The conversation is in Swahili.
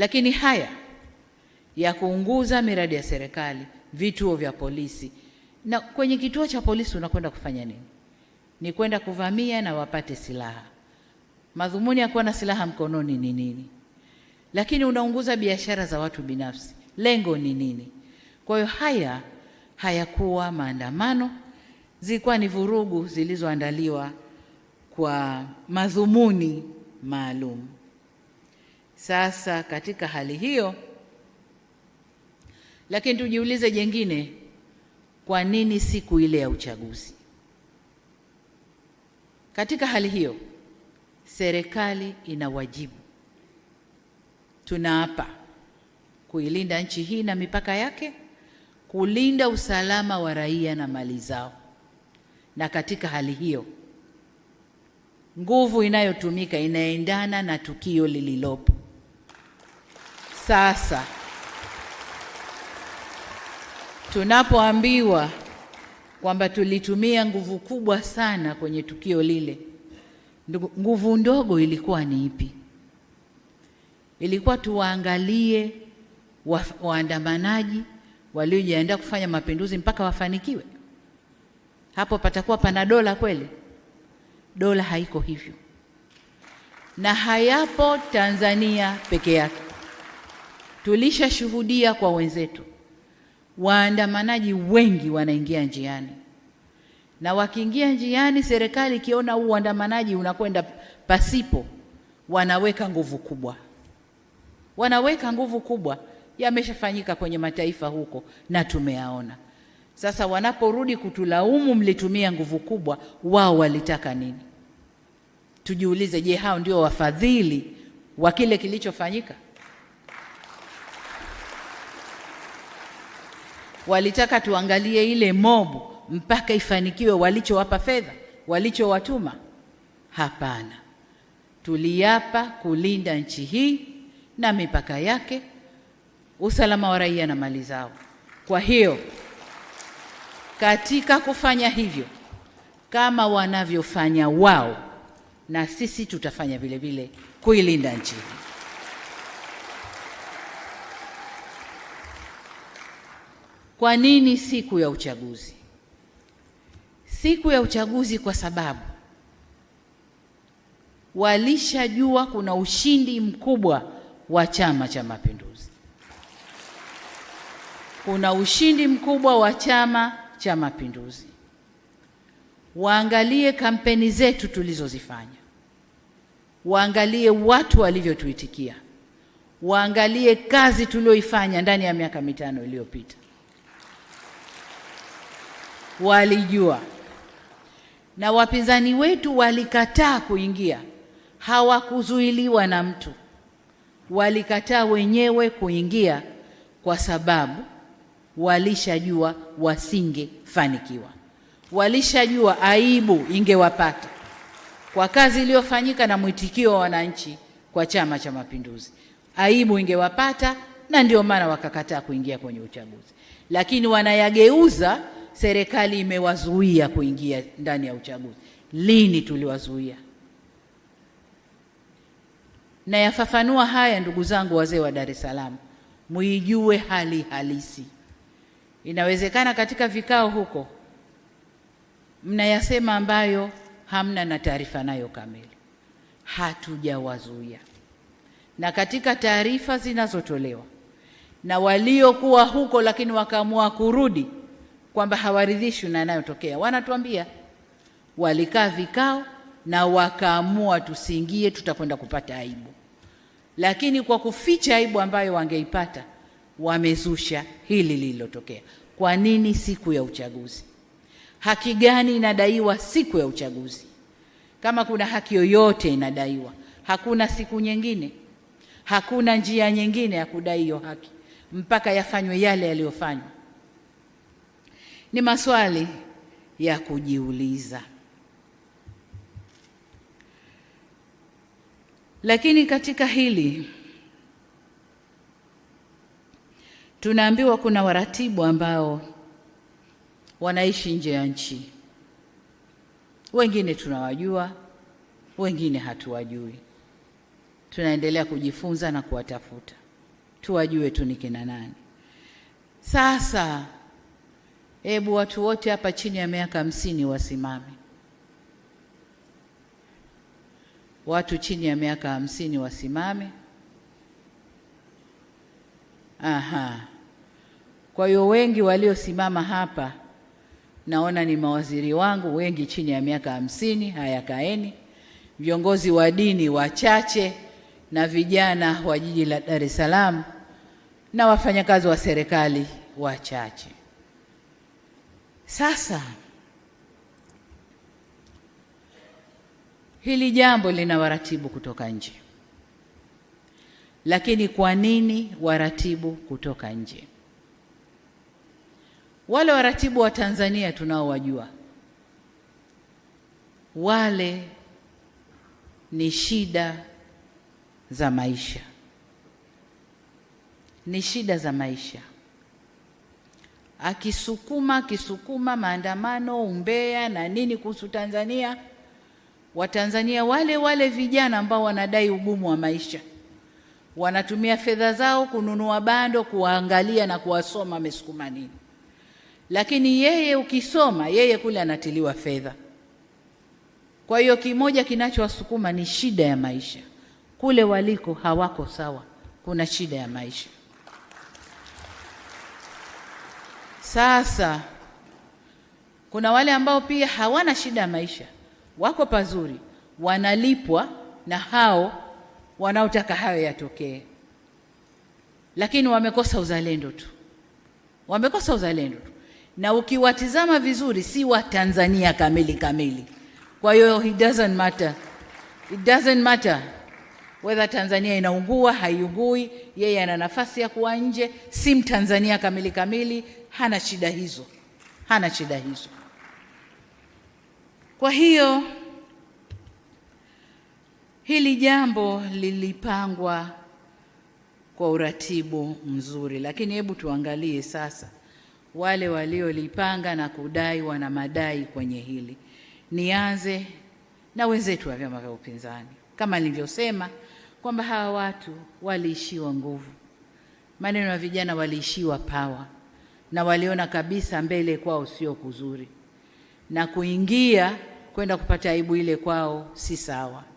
Lakini haya ya kuunguza miradi ya serikali, vituo vya polisi, na kwenye kituo cha polisi unakwenda kufanya nini? Ni kwenda kuvamia na wapate silaha. Madhumuni ya kuwa na silaha mkononi ni nini? Lakini unaunguza biashara za watu binafsi, lengo ni nini? Kwa hiyo haya hayakuwa maandamano, zilikuwa ni vurugu zilizoandaliwa kwa madhumuni maalum. Sasa katika hali hiyo, lakini tujiulize jengine, kwa nini siku ile ya uchaguzi? Katika hali hiyo, serikali ina wajibu, tunaapa kuilinda nchi hii na mipaka yake, kulinda usalama wa raia na mali zao. Na katika hali hiyo, nguvu inayotumika inaendana na tukio lililopo. Sasa tunapoambiwa kwamba tulitumia nguvu kubwa sana kwenye tukio lile, nguvu ndogo ilikuwa ni ipi? Ilikuwa tuwaangalie wa, waandamanaji waliojiandaa kufanya mapinduzi mpaka wafanikiwe? Hapo patakuwa pana dola kweli? Dola haiko hivyo, na hayapo Tanzania peke yake. Tulishashuhudia kwa wenzetu, waandamanaji wengi wanaingia njiani, na wakiingia njiani, serikali ikiona huu uandamanaji unakwenda pasipo, wanaweka nguvu kubwa, wanaweka nguvu kubwa. Yameshafanyika kwenye mataifa huko na tumeyaona. Sasa wanaporudi kutulaumu, mlitumia nguvu kubwa, wao walitaka nini? Tujiulize, je, hao ndio wafadhili wa kile kilichofanyika? walitaka tuangalie ile mobu mpaka ifanikiwe walichowapa fedha, walichowatuma? Hapana, tuliapa kulinda nchi hii na mipaka yake, usalama wa raia na mali zao. Kwa hiyo katika kufanya hivyo, kama wanavyofanya wao, na sisi tutafanya vile vile kuilinda nchi hii. Kwa nini siku ya uchaguzi? Siku ya uchaguzi kwa sababu walishajua kuna ushindi mkubwa wa Chama cha Mapinduzi, kuna ushindi mkubwa wa Chama cha Mapinduzi. Waangalie kampeni zetu tulizozifanya, waangalie watu walivyotuitikia, waangalie kazi tulioifanya ndani ya miaka mitano iliyopita walijua, na wapinzani wetu walikataa kuingia, hawakuzuiliwa na mtu, walikataa wenyewe kuingia kwa sababu walishajua wasingefanikiwa, walishajua aibu ingewapata kwa kazi iliyofanyika na mwitikio wa wananchi kwa Chama cha Mapinduzi, aibu ingewapata, na ndio maana wakakataa kuingia kwenye uchaguzi, lakini wanayageuza serikali imewazuia kuingia ndani ya uchaguzi. Lini tuliwazuia? Nayafafanua haya ndugu zangu, wazee wa Dar es Salaam, muijue hali halisi. Inawezekana katika vikao huko mnayasema ambayo hamna na taarifa nayo kamili. Hatujawazuia, na katika taarifa zinazotolewa na waliokuwa huko lakini wakaamua kurudi kwamba hawaridhishwi na yanayotokea, wanatuambia walikaa vikao na wakaamua tusiingie, tutakwenda kupata aibu. Lakini kwa kuficha aibu ambayo wangeipata, wamezusha hili lililotokea. Kwa nini siku ya uchaguzi? Haki gani inadaiwa siku ya uchaguzi? Kama kuna haki yoyote inadaiwa, hakuna siku nyingine, hakuna njia nyingine ya kudai hiyo haki mpaka yafanywe yale yaliyofanywa ni maswali ya kujiuliza. Lakini katika hili tunaambiwa kuna waratibu ambao wanaishi nje ya nchi, wengine tunawajua, wengine hatuwajui. Tunaendelea kujifunza na kuwatafuta tuwajue tu ni kina nani. Sasa Hebu watu wote hapa chini ya miaka hamsini wasimame, watu chini ya miaka hamsini wasimame. Aha, kwa hiyo wengi waliosimama hapa naona ni mawaziri wangu wengi chini ya miaka hamsini. Haya, kaeni. Viongozi wa dini wachache na vijana wa jiji la Dar es Salaam na wafanyakazi wa serikali wachache. Sasa hili jambo lina waratibu kutoka nje, lakini kwa nini waratibu kutoka nje? Wale waratibu wa Tanzania tunaowajua wale ni shida za maisha, ni shida za maisha akisukuma akisukuma maandamano, umbea na nini kuhusu Tanzania. Watanzania wale wale vijana ambao wanadai ugumu wa maisha wanatumia fedha zao kununua bando, kuwaangalia na kuwasoma wamesukuma nini. Lakini yeye ukisoma, yeye kule anatiliwa fedha. Kwa hiyo kimoja kinachowasukuma ni shida ya maisha, kule waliko hawako sawa, kuna shida ya maisha. Sasa kuna wale ambao pia hawana shida ya maisha, wako pazuri, wanalipwa na hao wanaotaka hayo yatokee, lakini wamekosa uzalendo tu, wamekosa uzalendo tu. Na ukiwatizama vizuri, si wa Tanzania kamili kamili. Kwa hiyo it doesn't matter, it doesn't matter wedha Tanzania inaungua haiungui, yeye ana nafasi ya kuwa nje, si mtanzania kamili kamili, hana shida hizo, hana shida hizo. Kwa hiyo hili jambo lilipangwa kwa uratibu mzuri, lakini hebu tuangalie sasa wale waliolipanga na kudai wana madai kwenye hili. Nianze na wenzetu wa vyama vya upinzani kama nilivyosema kwamba hawa watu waliishiwa nguvu, maneno ya vijana, waliishiwa pawa na waliona kabisa mbele kwao sio kuzuri, na kuingia kwenda kupata aibu ile kwao si sawa.